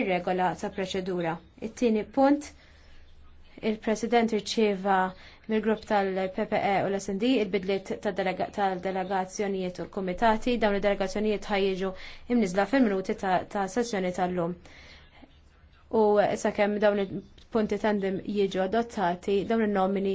ir-regola ta' proċedura. It-tieni punt il-President irċieva mill-grupp tal-PPE u l-SND il-bidliet tal-delegazzjonijiet u l-komitati dawn il-delegazzjonijiet ħajġu imnizla fil-minuti ta' sessjoni tal-lum. U sakemm dawn il-punti tandem jiġu adottati dawn il-nomini